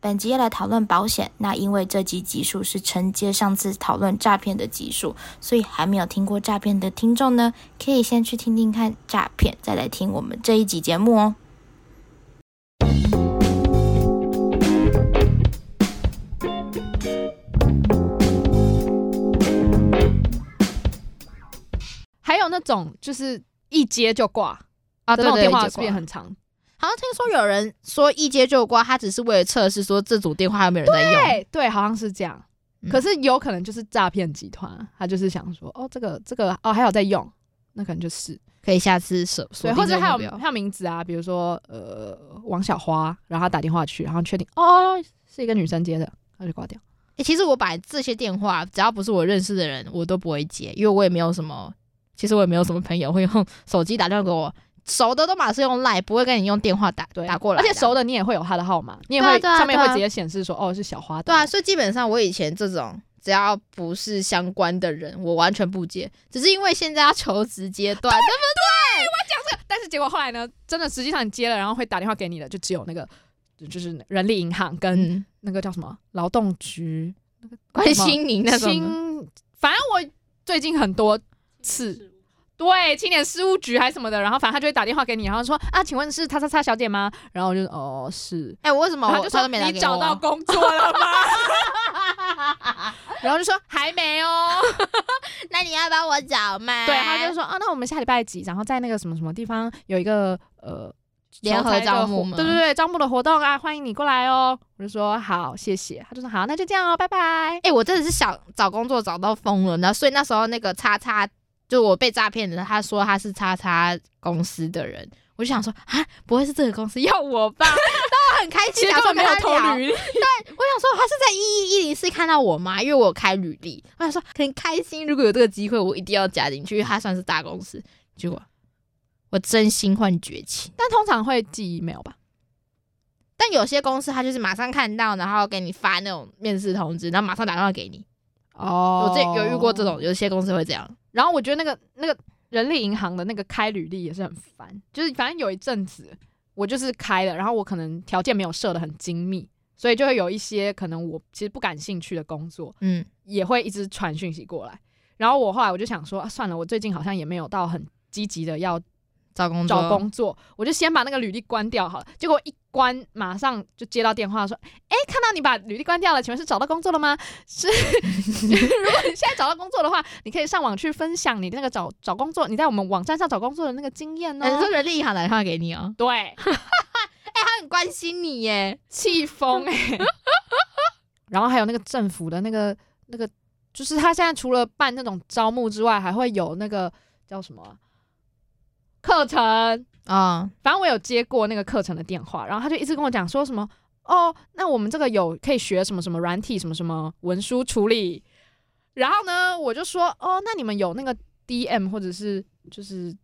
本集來討論保險，那因為這集集數是承接上次討論詐騙的集數，所以還沒有聽過詐騙的聽眾呢，可以先去聽聽看詐騙，再來聽我們這一集節目哦。還有那種就是一接就掛啊，這種電話時間很長。對好像聽說有人說一接就掛，他只是為了測試，說這組電話有沒有人在用。對，對，好像是這樣。嗯、可是有可能就是詐騙集團，他就是想說，哦，這個，這個，哦，還有在用，那可能就是可以下次舍對，或者還有還有名字啊，比如說呃，王小花，然後他打電話去，然後確定哦，哦，是一個女生接的，他就掛掉、欸。其實我把這些電話，只要不是我認識的人，我都不會接，因為我也沒有什麼，其實我也沒有什麼朋友會用手機打電話給我。熟的都馬上是用賴，不會跟你用電話打對打過來，而且熟的你也會有他的號碼，你也會對啊對啊，上面會直接顯示說對啊對啊哦，是小花的。對啊，所以基本上我以前這種只要不是相關的人，我完全不接，只是因為現在要求職階段，對不對，對？我講這個，但是結果後來呢，真的實際上你接了，然後會打電話給你的，就只有那個就是人力銀行跟那個叫什麼勞、嗯、動局那個關心你那心，反正我最近很多次。對青年事務局還是什麼的，然後反正他就會打電話給你，然後說啊，請問是叉叉叉小姐嗎？然後我就哦是，哎、欸，我為什麼我就說，就說，你找到工作了嗎？ 然後就說還沒哦， 那你要幫我找嗎？對，他就說啊，那我們下禮拜幾，然後在那個什麼什麼地方有一個呃聯合招募，招募對對對，招募的活動啊，歡迎你過來哦。我就說好，謝謝。他就說好，那就這樣哦，拜拜。哎、欸，我真的是想找工作找到瘋了呢，所以那時候那個叉叉。就我被詐騙的，他說他是叉叉公司的人，我就想說啊，不會是這個公司要我吧？但 我很開心，假裝沒有偷履歷。 對，我想說他是在一一一零四看到我嗎？因為我有開履歷，我想說很開心，如果有這個機會，我一定要加進去，因為他算是大公司。結果我，我真心換絕情，但通常會寄 email 吧？但有些公司他就是馬上看到，然後給你發那種面試通知，然後馬上打電話給你。哦，oh。我之前有遇過這種，有些公司會這樣。然後我覺得那個那個人力銀行的那個開履歷也是很煩，就是反正有一陣子我就是開了，然後我可能條件沒有設得很精密，所以就會有一些可能我其實不感興趣的工作，嗯，也會一直傳訊息過來。然後我後來我就想說，啊、算了，我最近好像也沒有到很積極的要找工作找工作，我就先把那個履歷關掉好了。結果一。關，馬上就接到電話說，哎、欸，看到你把履歷關掉了，請問是找到工作了嗎？是， 是，如果你現在找到工作的話，你可以上網去分享你那個找找工作，你在我們網站上找工作的那個經驗呢、啊。人力銀行打電話給你啊、喔，對，哎、 欸，他很關心你耶，氣瘋哎。 然後還有那個政府的那個那個，就是他現在除了辦那種招募之外，還會有那個叫什麼課、啊、程。啊，反正我有接過那個課程的電話，然後他就一直跟我講說什麼哦，那我們這個有可以學什麼什麼軟體，什麼什麼文書處理。然後呢，我就說哦，那你們有那個 DM 或者是就是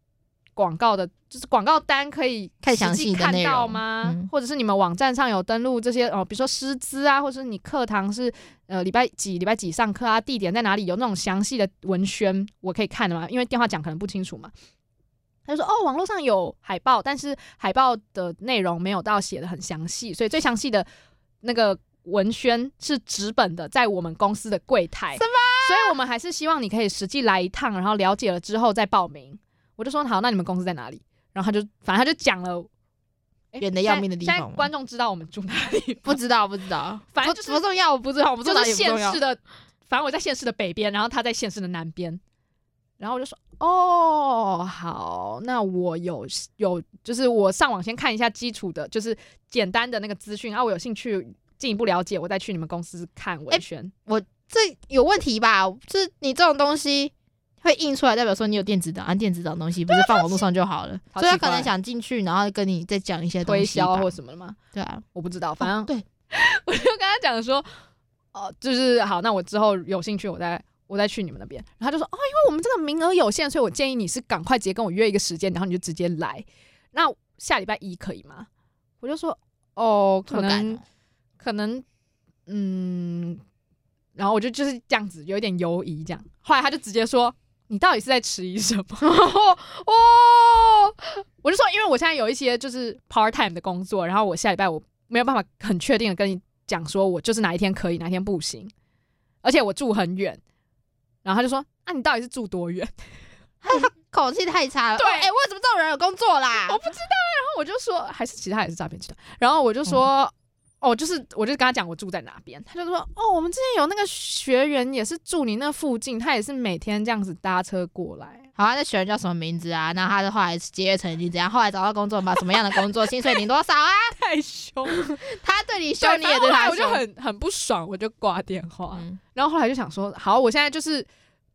廣告的，就是廣告單可以看詳細看到嗎？嗯、或者是你們網站上有登錄這些哦，比如說師資啊，或者是你課堂是呃禮拜幾禮拜幾上課啊，地點在哪裡？有那種詳細的文宣我可以看的嗎？因為電話講可能不清楚嘛。他就說：“哦，網絡上有海報，但是海報的內容沒有到寫得很詳細，所以最詳細的那個文宣是紙本的，在我們公司的櫃台。什麼？所以我們還是希望你可以實際來一趟，然後了解了之後再報名。”我就說：“好，那你們公司在哪裡？”然後他就，反正他就講了遠、欸、的要命的地方。現在觀眾知道我們住哪裡？不知道，不知道。反正、就是、不重要，我不知道，我不知道不。縣市的，反正我在縣市的北邊，然後他在縣市的南邊。然後我就說，哦，好，那我有有，就是我上網先看一下基礎的，就是簡單的那個資訊啊，我有興趣進一步了解，我再去你們公司看文宣。欸、我這有問題吧？就是你這種東西會印出來，代表說你有電子檔，按電子檔東西、啊、不是放網絡上就好了？奇所以他可能想進去，然後跟你再講一些東西推銷或什麼的嘛。對啊，我不知道，反正、哦、對 我就跟他講說，哦、呃，就是好，那我之後有興趣，我再。我再去你們那邊，然後他就說，哦，因為我們這個名額有限，所以我建議你是趕快直接跟我約一個時間，然後你就直接來。那下禮拜一可以嗎？我就說，哦，可能，可能，嗯。然後我就就是這樣子，有一點猶疑這樣。後來他就直接說：“你到底是在遲疑什麼？”哦， 我就說，因為我現在有一些就是 part time 的工作，然後我下禮拜我沒有辦法很確定的跟你講，說我就是哪一天可以，哪一天不行。而且我住很遠。然後他就說：“啊，你到底是住多遠？”他說、嗯：“ 口氣太差了。”對，哎、哦欸，我怎麼知道人有工作啦？我不知道。然後我就說，還是其他也是詐騙集團。然後我就說：“嗯、哦，就是，我就跟他講我住在哪邊。”他就說：“哦，我們之前有那個學員也是住你那附近，他也是每天這樣子搭車過來。”好啊，那學員叫什麼名字啊？那他的後來學業成績怎樣？後來找到工作把什麼樣的工作？薪水領多少啊？ 太、太兇了， 他對你兇，你也對他兇，我就很 很不爽，我就掛電話。嗯、然後後來就想說，好，我現在就是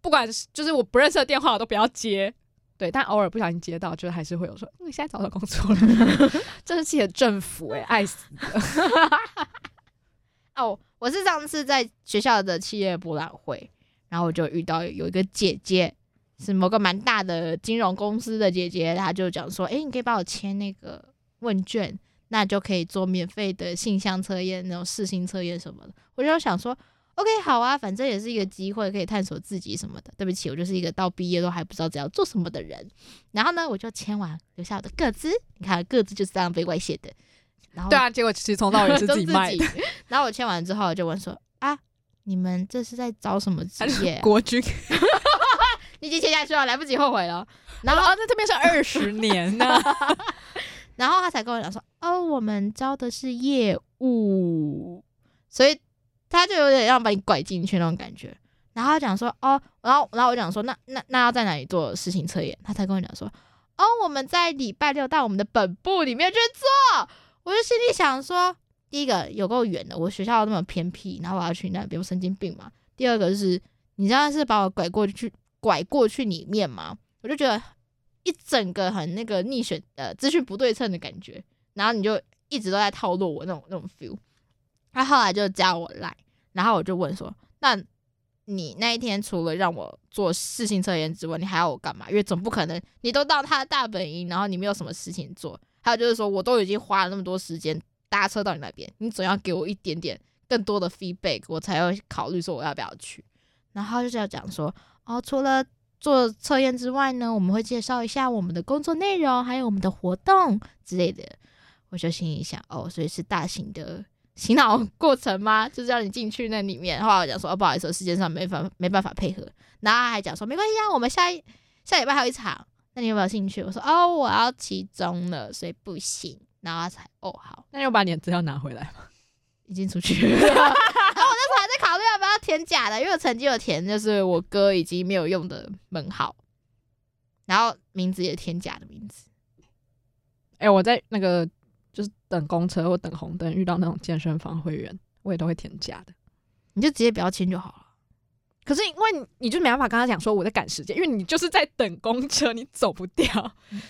不管是就是我不認識的電話，我都不要接。對，但偶爾不小心接到，就還是會有說，你、嗯、現在找到工作了？這是自己的政府哎、欸，愛死的。 哦，我是上次在學校的企業博覽會，然後我就遇到有一個姐姐。是某個蠻大的金融公司的姐姐，她就講說：“哎，你可以幫我簽那個問卷，那就可以做免費的性向測驗，那種適性測驗什麼的。”我就想說：“OK，好啊，反正也是一個機會，可以探索自己什麼的。”對不起，我就是一個到畢業都還不知道怎樣做什麼的人。然後呢，我就簽完，留下我的個資，你看，個資就是這樣被外泄的。然後對啊，結果其實從頭到尾也是自己賣的 己。然後我簽完之後，我就問說：“啊，你們這是在招什麼職業，啊？”國軍。 你已經簽下去了，來不及後悔了。然後、啊、哦，這邊是二十年呢、啊。 然後他才跟我講說：“哦，我們招的是業務，所以他就有點要把你拐進去那種感覺。”然後他講說：“哦，然後然後我講說，那那那要在哪裡做事情測驗？”他才跟我講說：“哦，我們在禮拜六到我們的本部裡面去做。”我就心裡想說：“第一個有夠遠的，我學校都那麼偏僻，然後我要去那，比如神經病嘛。第二個就是，你這樣是把我拐過去。”拐過去裡面嘛，我就覺得一整個很那個逆選呃資訊不對稱的感覺，然後你就一直都在套路我那種那種 feel。他後,後來就加我 LINE，然後我就問說：那你那一天除了讓我做試情測驗之外，你還要我幹嘛？因為總不可能你都到他的大本營，然後你沒有什麼事情做。還有就是說，我都已經花了那麼多時間搭車到你那邊，你總要給我一點點更多的 feedback，我才會考慮說我要不要去。然後就是要講說，哦，除了做測驗之外呢，我們會介紹一下我們的工作內容，還有我們的活動之類的。我就心裡想，哦，所以是大型的洗腦過程嗎？就是要你進去那裡面？後來我講說，哦，不好意思，時間上沒法沒辦法配合。然後他還講說，沒關係啊，我們下一下禮拜還有一場，那你有沒有興趣？我說，哦，我要期中了，所以不行。然後他才，哦，好，那要把你的資料拿回來嗎？已經出去了。 填假的，因為我曾經有填，就是我哥已經沒有用的門號，然後名字也填假的名字。誒、欸，我在那個就是等公車或等紅燈遇到那種健身房會員，我也都會填假的。你就直接不要簽就好了。可是因為你就沒辦法跟他講說我在趕時間，因為你就是在等公車，你走不掉，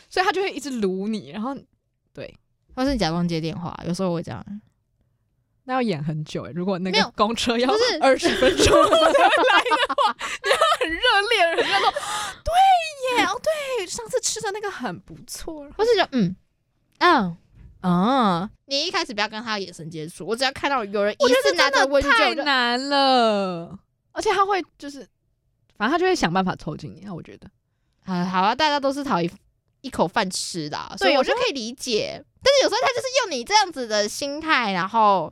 所以他就會一直盧你。然後對，或是假裝接電話，有時候我會這樣。那要演很久哎，如果那個公車要二十分鐘才來的話，你要很熱烈，人家對耶哦，對，上次吃的那個很不錯，或是就嗯嗯啊。你一開始不要跟他眼神接觸，我只要看到有人，一直拿着真的太難了，而且他會就是，反正他就會想辦法湊近你，我覺得啊，好啊，大家都是討一一口飯吃的，所以我就可以理解，但是有時候他就是用你這樣子的心態，然後。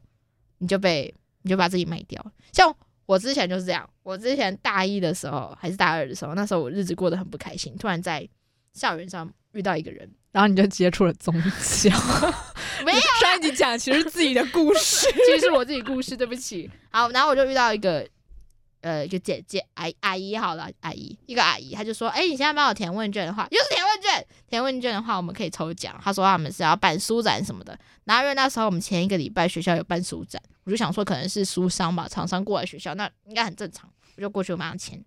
你就被，你就把自己賣掉了，像我之前就是這樣。我之前大一的時候還是大二的時候，那時候我日子過得很不開心。突然在校園上遇到一個人，然後你就接觸了宗教。 沒有，上一集講其實自己的故事， 其實是我自己的故事，對不起。好，然後我就遇到一個。呃，就姐姐、阿阿姨好了，阿姨一個阿姨，她就說，哎、欸，你現在幫我填問卷的話，又、就是填問卷，填問卷的話我們可以抽獎。她說他們是要辦書展什麼的，然後因為那時候我們前一個禮拜學校有辦書展，我就想說可能是書商吧，廠商過來學校，那應該很正常，我就過去馬上簽。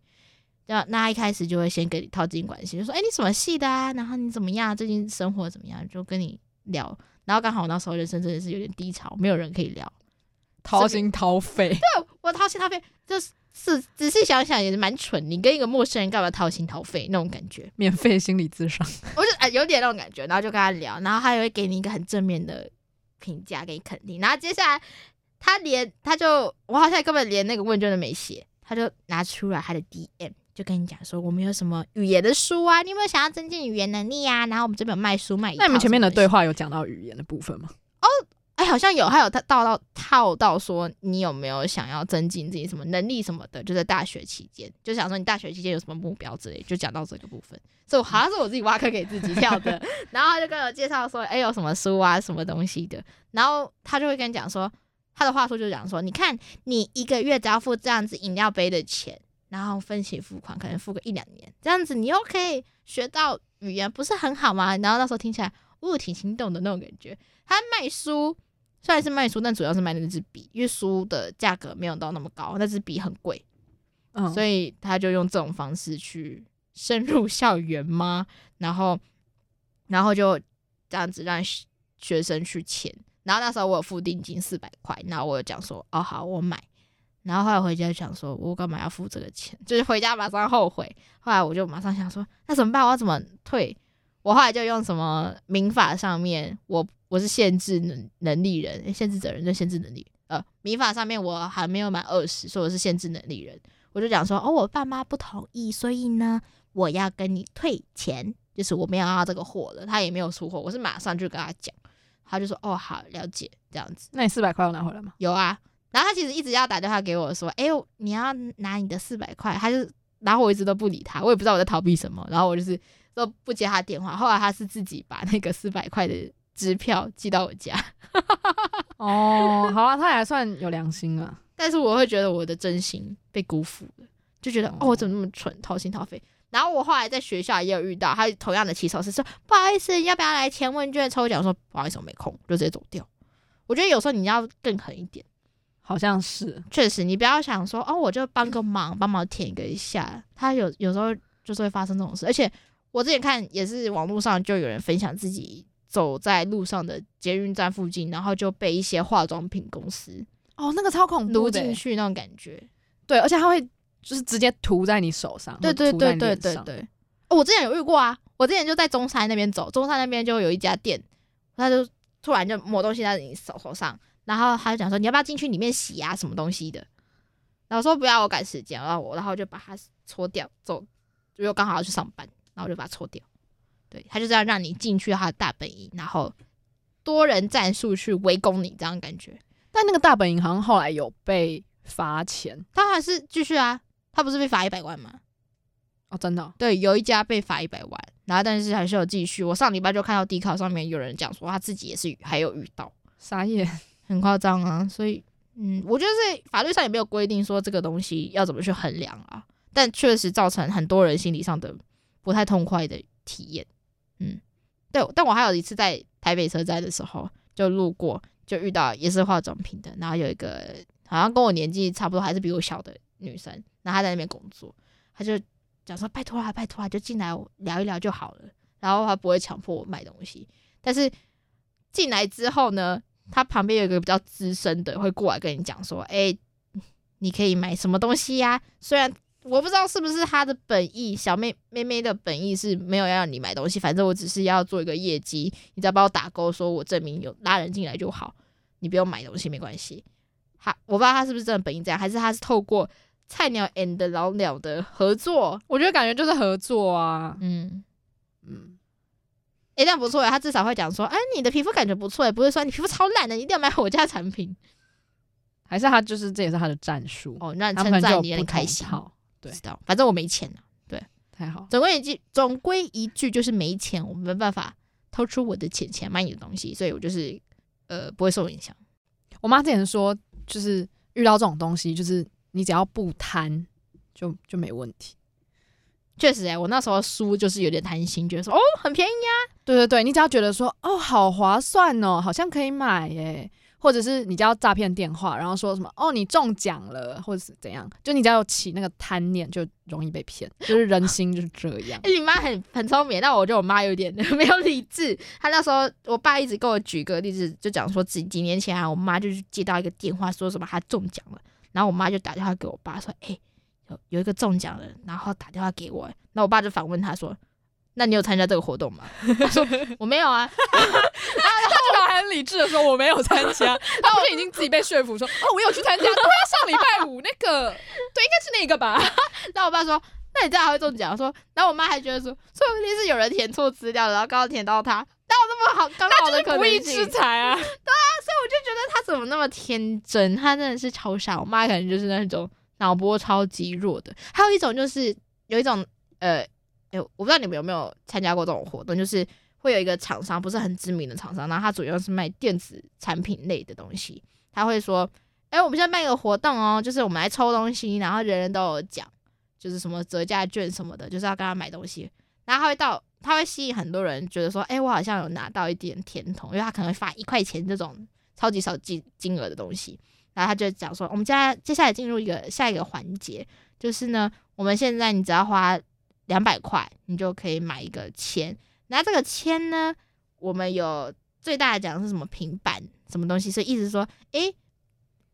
那那他一開始就會先跟你套近關係，就說，哎、欸，你什麼系的、啊？然後你怎麼樣？最近生活怎麼樣？就跟你聊。然後剛好我那時候人生真的是有點低潮，沒有人可以聊。掏心掏肺，對，我掏心掏肺， 就是仔細想想也是蠻蠢。你跟一個陌生人幹嘛掏心掏肺那種感覺？免費心理諮商。 我就、呃、有點那種感覺。然後就跟他聊，然後他也會給你一個很正面的評價，給你肯定。然後接下來他連他就我好像根本連那個問卷都沒寫，他就拿出來他的 DM，就跟你講說我們有什麼語言的書啊？你有沒有想要增進語言能力啊？然後我們這邊有賣書賣。那你們前面的對話有講到語言的部分嗎？哎，好像有，還有他到到套到，到說你有沒有想要增進自己什麼能力什麼的，就在大學期間，就想說你大學期間有什麼目標之類，就講到這個部分，就好像是我自己挖坑給自己跳的。 然後他就跟我介紹說，哎、欸，有什麼書啊，什麼東西的。然後他就會跟你講說，他的話術就是講說，你看你一個月只要付這樣子飲料杯的錢，然後分期付款可能付個一兩年，這樣子你又可以學到語言，不是很好嗎？然後那時候聽起來我挺心動的那種感覺，他賣書。雖然是賣書，但主要是賣那支筆，因為書的價格沒有到那麼高，那支筆很貴，嗯、哦，所以他就用這種方式去深入校園嘛，然後，然後就這樣子讓學生去簽，然後那時候我有付定金四百塊，然後我就講說，哦好，我買，然後後來回家就想說，我幹嘛要付這個錢？就是回家馬上後悔，後來我就馬上想說，那怎麼辦？我要怎麼退？我後來就用什麼民法上面我。我是限制能能力人，欸、限制責任，跟限制能力。呃，民法上面我還沒有滿二十，所以我是限制能力人。我就講說，哦，我爸媽不同意，所以呢，我要跟你退錢，就是我沒有要這個貨了，他也沒有出貨，我是馬上就跟他講，他就說，哦，好，了解這樣子。那你四百塊我拿回來嗎？有啊，然後他其實一直要打電話給我說，哎、欸、呦，你要拿你的四百塊，他就是、然後我，一直都不理他，我也不知道我在逃避什麼，然後我就是說不接他電話。後來他是自己把那個四百塊的。支票寄到我家。 哦，好啊，他也算有良心啊。 但是我會覺得我的真心被辜負了，就覺得哦，哦，我怎麼那麼蠢，掏心掏肺。然後我後來在學校也有遇到他同樣的起手式，說不好意思，要不要來填問卷抽獎？說不好意思，我沒空，就直接走掉。我覺得有時候你要更狠一點，好像是，確實，你不要想說哦，我就幫個忙，幫忙填一個一下。他有有時候就是會發生這種事，而且我之前看也是網絡上就有人分享自己。走在路上的捷運站附近，然後就被一些化妝品公司哦，那個超恐怖的，塗進去那種感覺，嗯、對,對，而且它會就是直接塗在你手上，對對對對對對,對,對,對、哦。我之前有遇過啊，我之前就在中山那邊走，中山那邊就有一家店，他就突然就抹東西在你手,手上，然後他就講說你要不要進去裡面洗啊什麼東西的，然後我說不要，我趕時間，然後我,我然後就把它搓掉走，因為我剛好要去上班，然後就把它搓掉。對他就是要讓你進去他的大本營，然後多人戰術去圍攻你這樣的感覺。但那個大本營好像後來有被罰錢，他還是繼續啊？他不是被罰一百萬嗎？哦，真的？對，有一家被罰一百萬，然後但是還是有繼續。我上禮拜就看到 D 卡上面有人講說他自己也是還有遇到傻眼，很誇張啊。所以，嗯，我覺得是法律上也沒有規定說這個東西要怎麼去衡量啊，但確實造成很多人心理上的不太痛快的體驗。嗯，對，但我還有一次在台北車站的時候，就路過，就遇到也是化妝品的，然後有一個好像跟我年紀差不多，還是比我小的女生，然後她在那邊工作，她就講說拜託啦，拜託啦，就進來聊一聊就好了，然後她不會強迫我買東西，但是進來之後呢，她旁邊有一個比較資深的會過來跟你講說，哎，你可以買什麼東西呀？雖然。我不知道是不是他的本意，小妹妹妹的本意是沒有要讓你買東西，反正我只是要做一個業績，你只要幫我打勾說，說我證明有拉人進來就好，你不用買東西沒關係。好，我不知道他是不是真的本意這樣，還是他是透過菜鳥 and 老鳥的合作，我覺得感覺就是合作啊。嗯嗯，誒、嗯欸、那樣不錯，他至少會講說，哎、啊，你的皮膚感覺不錯哎，不會說你皮膚超爛的，你一定要買我家產品，還是他就是這也是他的戰術哦，讓稱讚能你很開心。對，知道，反正我沒錢啊，對，還好。總總歸一句，總歸一句，就是沒錢，我沒辦法掏出我的錢錢買你的東西，所以我就是呃不會受影響。我媽之前說，就是遇到這種東西，就是你只要不貪，就就沒問題。確實欸，我那時候書就是有點貪心，覺得說哦很便宜呀，對對對，你只要覺得說哦好划算哦，好像可以買欸。或者是你接詐騙電話，然後說什麼哦你中獎了，或者是怎樣，就你只要起那個貪念，就容易被騙。就是人心就是這樣。 欸、你媽很很聰明，但我覺得我媽有點 沒有理智。她那時候，我爸一直給我舉個例子，就講說幾幾年前啊，我媽就是接到一個電話，說什麼她中獎了，然後我媽就打電話給我爸說，哎、欸，有有一個中獎了，然後打電話給我，那我爸就反問她說，那你有參加這個活動嗎？她說我沒有啊。 然後他很理智的說，我沒有參加，然後我就已經自己被說服說 哦，哦我有去參加，對 上禮拜五那個 對，應該是那個吧。 然後我爸說，那你這樣還會中獎，說然後我媽還覺得說說不定是有人填錯資料，然後剛好填到他，但我那麼好剛好的可 就是不義之財啊， 對啊，所以我就覺得他怎麼那麼天真，他真的是超傻。我媽感覺就是那種腦波超級弱的，還有一種就是有一種呃，我不知道你們有沒有參加過這種活動，就是。會有一個廠商，不是很知名的廠商，然後他主要是賣電子產品類的東西。他會說：“哎、欸，我們現在辦一個活動哦，就是我們來抽東西，然後人人都有獎，就是什麼折價券什麼的，就是要跟他買東西。”然後他會到，他會吸引很多人，覺得說：“哎、欸，我好像有拿到一點甜筒，因為他可能會發一塊錢這種超級少金金額的東西。”然後他就講說：“我們接接下來進入一個下一個環節，就是呢，我們現在你只要花兩百塊，你就可以買一個簽。”拿這個籤呢，我們有最大的獎是什麼平板什麼東西，所以意思說，哎，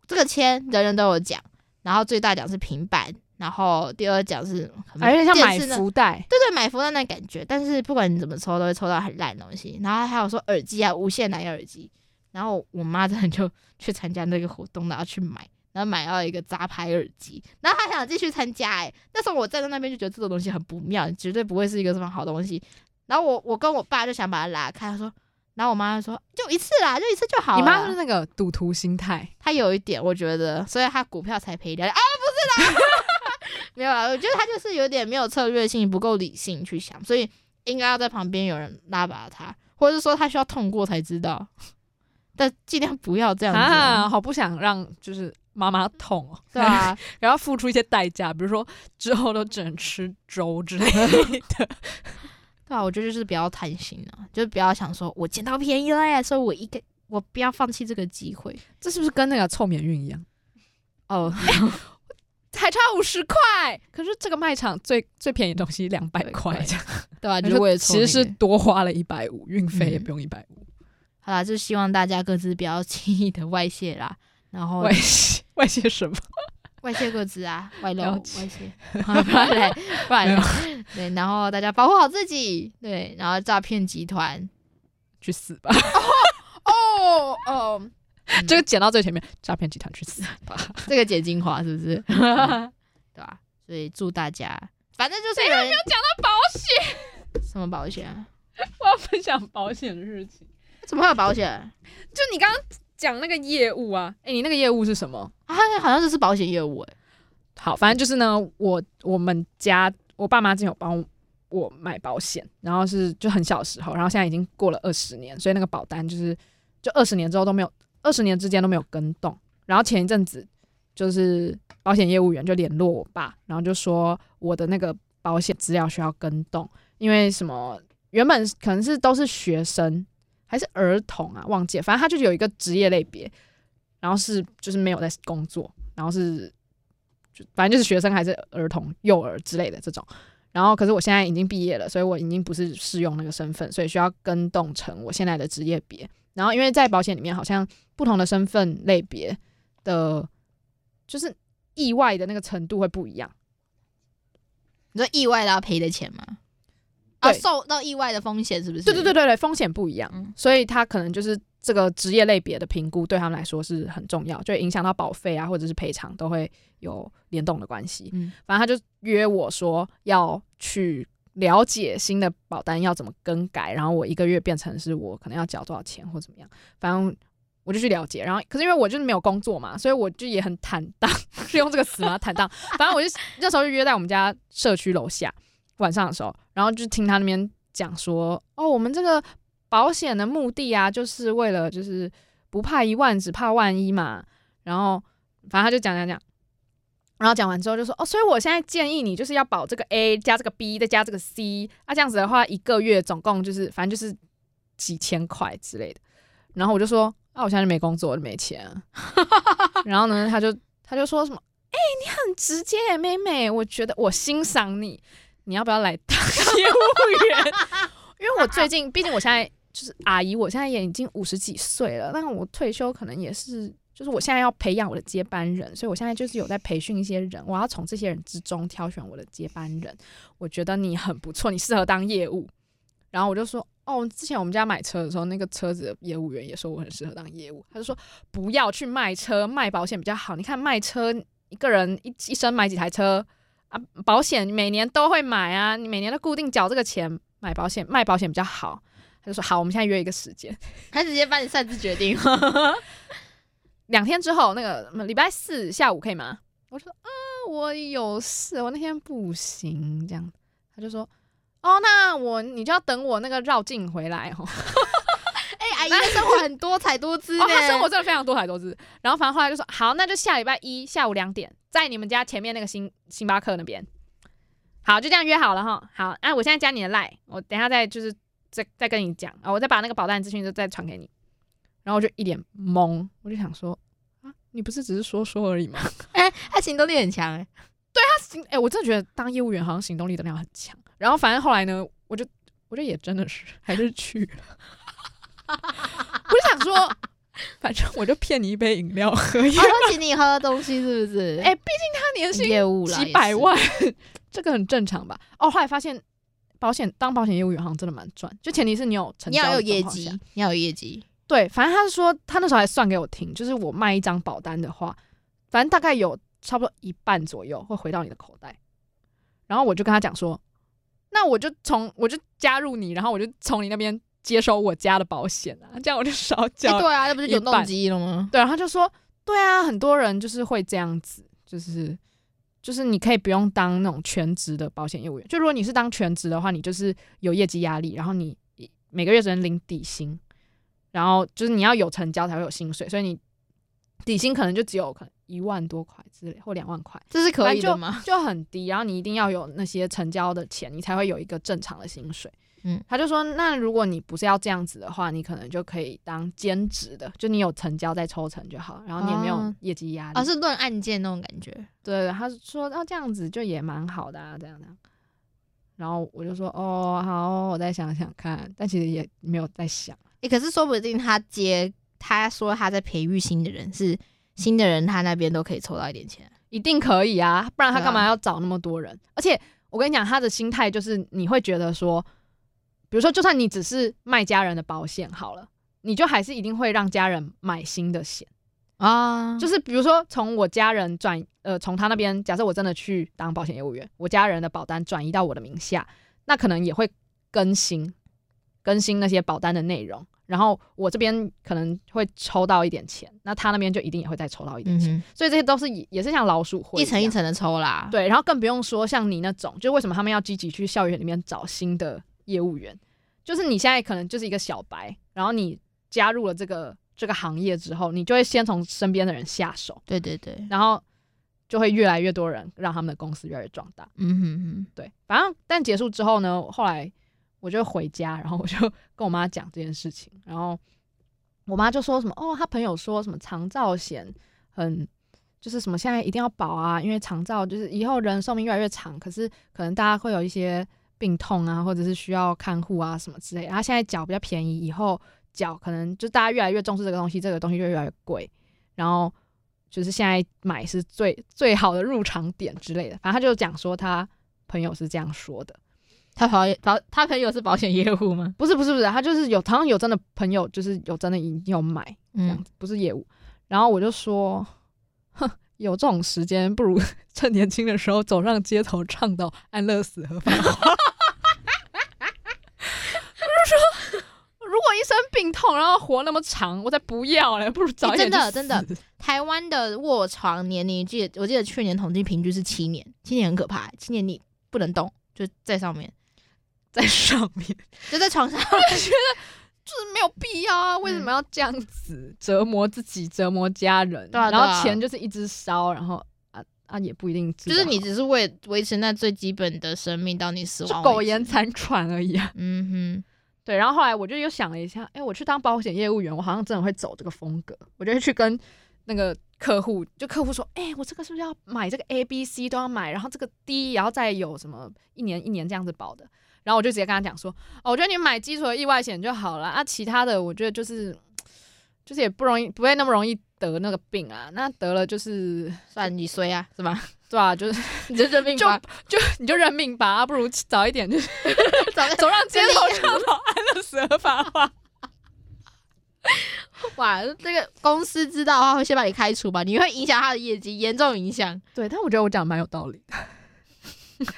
這個籤人人都有獎，然後最大獎是平板，然後第二獎是什麼，有點、哎、像買福袋，對對，買福袋那感覺，但是不管你怎麼抽，都會抽到很爛的東西。然後還有說耳機啊，無線藍牙耳機。然後我媽真的就去參加那個活動，然後去買，然後買到一個雜牌耳機。然後她想繼續參加、欸，哎，那時候我站在那邊就覺得這種東西很不妙，絕對不會是一個什麼好東西。然後我我跟我爸就想把他拉開，他說，然後我媽就說，就一次啦，就一次就好了。你媽是那個賭徒心態，他有一點，我覺得，所以他股票才賠掉。啊，不是啦， 沒有啦，我覺得他就是有點沒有策略性，不夠理性去想，所以應該要在旁邊有人拉拔他，或者是說他需要痛過才知道，但盡量不要這樣子。啊，好不想讓就是媽媽痛， 對啊，然後付出一些代價，比如說之後都只能吃粥之類的。 對啊，我覺得就是不要貪心啊，就是不要想說，我撿到便宜了，啊，所以我一個我不要放棄這個機會。這是不是跟那個湊免運一樣？哦，欸、還差五十塊， 可是這個賣場最最便宜的東西兩百塊這樣。對吧？對啊，而且 就是我也，那個，其實是多花了一百五，運費也不用一百五。好啦，就希望大家各自不要輕易的外洩啦。然後外洩外洩什麼？外泄個資啊，外漏，外泄，外漏，外漏。對，然後大家保護好自己。對，然後詐騙集團，去死吧！哦哦哦，這個剪到最前面，詐騙集團去死吧，哦哦哦個剪到最前面，詐騙集團去死吧，這個剪精華是不是？ 嗯、對吧、啊？所以祝大家，反正就是。因為沒有講到保險？什麼保險啊？我要分享保險的事情。怎麼會有保險？就你剛剛。講那個業務啊，哎、欸，你那個業務是什麼啊？好像就是保險業務哎、欸。好，反正就是呢，我我們家我爸媽之前有幫我買保險，然後是就很小時候，然後現在已經過了二十年，所以那個保單就是就二十年之後都沒有，二十年之間都沒有更動。然後前一陣子就是保險業務員就聯絡我爸，然後就說我的那個保險資料需要更動，因為什麼原本可能是都是學生。還是兒童啊，忘記了，反正他就有一個職業類別，然後是就是沒有在工作，然後是就反正就是學生還是兒童、幼兒之類的這種。然後，可是我現在已經畢業了，所以我已經不是適用那個身份，所以需要更動成我現在的職業別。然後，因為在保險裡面，好像不同的身份類別的就是意外的那個程度會不一樣。你說意外的要賠的錢嗎？啊對、哦，受到意外的風險是不是？對對對對，對風險不一樣，嗯、所以他可能就是這個職業類別的評估對他們來說是很重要，就會影響到保費啊，或者是賠償都會有聯動的關係。嗯，反正他就約我說要去了解新的保單要怎麼更改，然後我一個月變成是我可能要繳多少錢或怎麼樣，反正我就去了解。然後可是因為我就是沒有工作嘛，所以我就也很坦蕩，是用這個詞嗎？坦蕩。 反正我就那時候就約在我們家社區樓下。晚上的時候，然後就聽他那邊講說，哦，我們這個保險的目的啊，就是為了就是不怕一萬，只怕萬一嘛。然後反正他就講講講，然後講完之後就說，哦，所以我現在建議你就是要保這個 A 加這個 B 再加這個 C，那這樣子的話一個月總共就是反正就是幾千塊之類的。然後我就說，那我現在就沒工作，沒錢。 然後呢，他就他就說什麼，欸，你很直接耶，妹妹，我覺得我欣賞你。你要不要來當業務員？ 因為我最近，畢竟我現在就是阿姨，我現在也已經五十幾歲了，但我退休可能也是，就是我現在要培養我的接班人，所以我現在就是有在培訓一些人，我要從這些人之中挑選我的接班人。我覺得你很不錯，你適合當業務。然後我就說，哦，之前我們家買車的時候，那個車子的業務員也說我很適合當業務，他就說不要去賣車，賣保險比較好。你看賣車，一個人一一生買幾台車。啊，保險每年都會買啊，你每年都固定繳這個錢買保險，賣保險比較好。他就說好，我們現在約一個時間， 他直接幫你擅自決定。兩 天之後，那個禮拜四下午可以嗎？我說啊、嗯，我有事，我那天不行，這樣。他就說哦，那我你就要等我那個繞境回來哦。 那因為生活很多彩多姿呢？欸， 哦，他生活真的非常多彩多姿。 然後反正後來就說好，那就下禮拜一下午兩點，在你們家前面那個星星巴克那邊。好，就這樣約好了哈。好，哎、啊，我現在加你的賴，我等一下再就是再再跟你講啊，哦，我再把那個保單資訊就再傳給你。然後我就一臉懵，我就想說啊，你不是只是說說而已嗎？哎、 欸，他行動力很強誒、欸。對他行，欸、我真的覺得當業務員好像行動力都樣很強。然後反正後來呢，我就我就也真的是還是去 哈哈哈我想說，反正我就騙你一杯飲料喝，他說、哦、請你喝東西是不是？哎、欸，畢竟他年薪業務了幾百萬，是這個很正常吧？哦，後來發現保險當保險業務員，好像真的蠻賺，就前提是你有成的你要有業績，你要有業績。對，反正他是說，他那時候還算給我聽，就是我賣一張保單的話，反正大概有差不多一半左右會回到你的口袋。然後我就跟他講說，那我就從我就加入你，然後我就從你那邊。接收我家的保險啊，這樣我就少交。欸、對啊，那不是有動機了嗎？對，然後他就說，對啊，很多人就是會這樣子，就是，就是你可以不用當那種全職的保險業務員。就如果你是當全職的話，你就是有業績壓力，然後你每個月只能領底薪，然後就是你要有成交才會有薪水，所以你底薪可能就只有可能一萬多塊之類，或兩萬塊，這是可以的嗎？就就很低，然後你一定要有那些成交的錢，你才會有一個正常的薪水。嗯、他就說：“那如果你不是要這樣子的話，你可能就可以當兼職的，就你有成交再抽成就好，然後你也沒有業績壓力。哦”而、哦、是論案件那種感覺。對，他說：“那、哦、這樣子就也蠻好的，啊，這樣子。”然後我就說：“哦，好哦，我再想想看。”但其實也沒有在想。哎、欸，可是說不定他接，他說他在培育新的人，是新的人，他那邊都可以抽到一點錢，一定可以啊，不然他幹嘛要找那麼多人？啊、而且我跟你講，他的心態就是你會覺得說。比如說，就算你只是賣家人的保險好了，你就還是一定會讓家人買新的險啊。就是比如說，從我家人轉，呃，從他那邊，假設我真的去當保險業務員，我家人的保單轉移到我的名下，那可能也會更新更新那些保單的內容，然後我這邊可能會抽到一點錢，那他那邊就一定也會再抽到一點錢，嗯哼。所以這些都是也是像老鼠會一層一層的抽啦。對，然後更不用說像你那種，就為什麼他們要積極去校園裡面找新的？業務員，就是你現在可能就是一個小白，然後你加入了這個這個行業之後，你就會先從身邊的人下手，對對對，然後就會越來越多人讓他們的公司越來越壯大，嗯哼哼，對，反正但結束之後呢，後來我就回家，然後我就跟我媽講這件事情，然後我媽就說什麼哦，他朋友說什麼長照險很，就是什麼現在一定要保啊，因為長照就是以後人壽命越來越長，可是可能大家會有一些。病痛啊，或者是需要看護啊，什麼之類的。他現在繳比較便宜，以後繳可能就大家越來越重視這個東西，這個東西就越來越貴。然後就是現在買是最最好的入場點之類的。反正他就講說他朋友是這樣說的，他保保他朋友是保險業務嗎？嗯、不是不是不是，他就是有，好像有真的朋友就是有真的有買，這樣子。嗯、不是業務。然後我就說，哼，有這種時間，不如趁年輕的時候走上街頭倡導安樂死合法 痛，然後活那麼長，我才不要嘞！不如早點、欸、真的真的，台灣的臥床年齡記得，我記得去年統計平均是七年，七年很可怕，七年你不能動，就在上面，在上面就在床上，我 覺得 就是沒有必要啊！為什麼要這樣子、嗯、折磨自己，折磨家人？對啊，對啊，然後錢就是一直燒，然後啊啊也不一定知道，就是你只是為維持那最基本的生命，到你死亡苟延殘喘而已、啊。嗯哼。對，然後後來我就又想了一下，哎，我去當保險業務員，我好像真的會走這個風格。我就會去跟那個客戶，就客戶說，哎，我這個是不是要買這個 A、B、C 都要買，然後這個 D，然後再有什麼一年一年這樣子保的。然後我就直接跟他講說，哦，我覺得你買基礎的意外險就好了，啊，其他的我覺得就是，就是也不容易，不會那麼容易得那個病啊，那得了就是算你衰啊，是嗎？對啊，就是你就認命吧，就，就你就認命吧，啊， 不如早一點就是走上個 街頭倡導安樂死合法化。 哇，這個公司知道的話會先把你開除吧？你會影響他的業績，嚴重影響。對，但我覺得我講的蠻有道理的。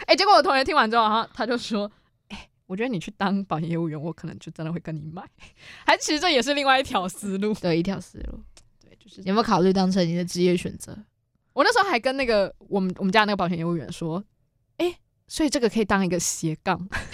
哎、 欸，結果我同學聽完之後，哈，他就說：“哎、欸，我覺得你去當保險業務員，我可能就真的會跟你買。”還其實這也是另外一條思路，對，一條思路。對，就是有沒有考慮當成你的職業選擇？我那時候還跟那個我們我們家那個保險業務員說，哎，欸，所以這個可以當一個斜槓，哎，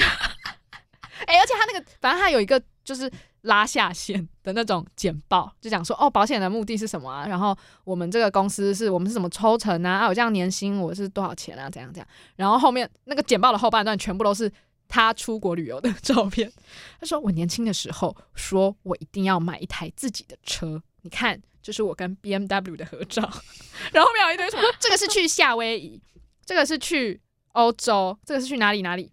欸，而且他那個反正他有一個就是拉下線的那種簡報，就講說哦，保險的目的是什麼啊？然後我們這個公司是我們是怎麼抽成啊？啊，我這樣年薪我是多少錢啊？怎樣怎樣？然後後面那個簡報的後半段全部都是他出國旅遊的照片。他說，我年輕的時候說我一定要買一台自己的車，你看。就是我跟 BMW 的合照，然後秒一堆說。 這個是去夏威夷，這個是去歐洲，這個是去哪裡哪裡。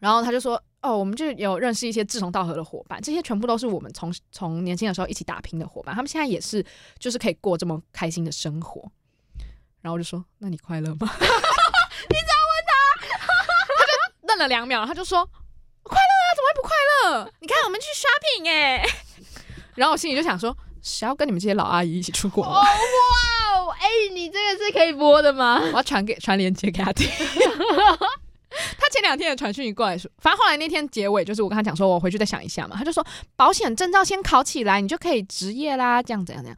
然後他就說：“哦，我們就有認識一些志同道合的夥伴，這些全部都是我們從從年輕的時候一起打拼的夥伴，他們現在也是就是可以過這麼開心的生活。”然後我就說：“那你快樂嗎？” 你咋問他？ 他就愣了兩秒，他就說：“快樂啊，怎麼會不快樂？你看我們去 shopping 哎、欸。”然後我心裡就想說。想要跟你們這些老阿姨一起出國？哦，哇！哎，你這個是可以播的嗎？我要傳給傳連接給他聽。 他前兩天也傳訊息過來說，說反正後來那天結尾，就是我跟他講說，我回去再想一下嘛。他就說保險證照先考起來，你就可以職業啦，這樣怎樣怎樣。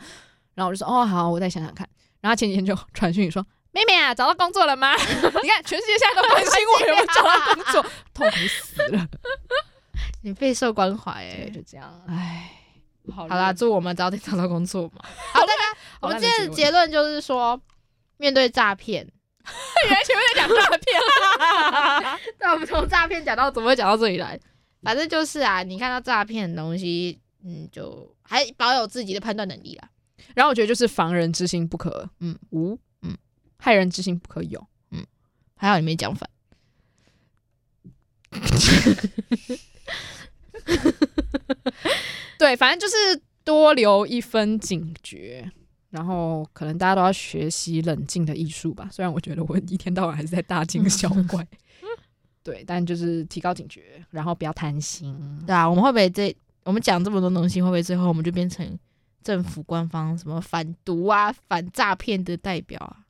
然後我就說哦，好，我再想想看。然後前幾天就傳訊息說，妹妹啊，找到工作了嗎？ 你看全世界現在都關心我有沒有找到工作，痛苦、 啊、死了。 你備受關懷、欸，就這樣，唉。好，好啦，祝我們早點找到工作嘛！好，吧好，大家，我們今天的結論就是說，面對詐騙， 原來前面在講詐騙，那 我們從詐騙講到怎麼會講到這裡來？反正就是啊，你看到詐騙的東西，嗯，就還保有自己的判斷能力啊。然後我覺得就是防人之心不可嗯無，嗯，害人之心不可有，嗯，還好你沒講反。 對，反正就是多留一分警覺，然後可能大家都要學習冷靜的藝術吧。雖然我覺得我一天到晚還是在大驚小怪， 對，但就是提高警覺，然後不要貪心，對啊。我們會不會這我們講這麼多東西，會不會最後我們就變成政府官方什麼反毒啊、反詐騙的代表啊？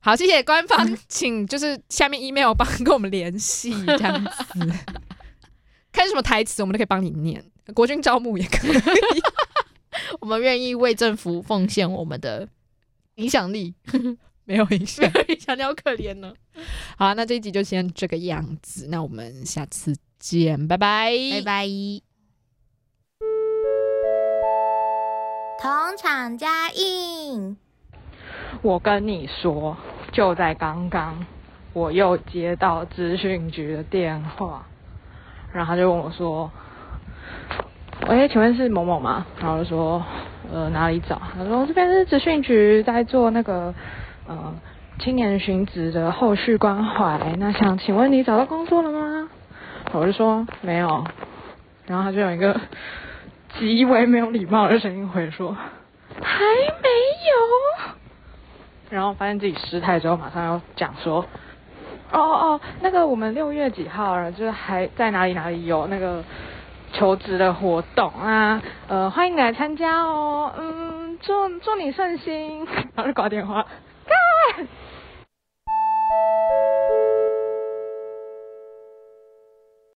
好，謝謝官方，嗯、請就是下面 email 幫跟我們聯繫這樣子。 看什麼台詞，我們都可以幫你念。國軍招募也可以， 我們願意為政府奉獻我們的影響力， 沒有影響， 沒有影響力，你好可憐呢、哦。好啊，那這一集就先這個樣子，那我們下次見，拜拜，拜拜。同場加映。我跟你說，就在剛剛，我又接到資訊局的電話。然後他就問我說：“喂、欸，請問是某某嗎？”然後我就說：“呃，哪裡找？”他說：“這邊是職訓局在做那個呃青年尋職的後續關懷，那想請問你找到工作了嗎？”我就說：“沒有。”然後他就有一個極為沒有禮貌的聲音回說：“還沒有。”然後發現自己失態之後，馬上要講說。哦哦哦，那個我們六月幾號了，就是還在哪裡哪裡有那個求職的活動啊？呃，歡迎來參加哦，嗯，祝祝你順心。老是掛電話。啊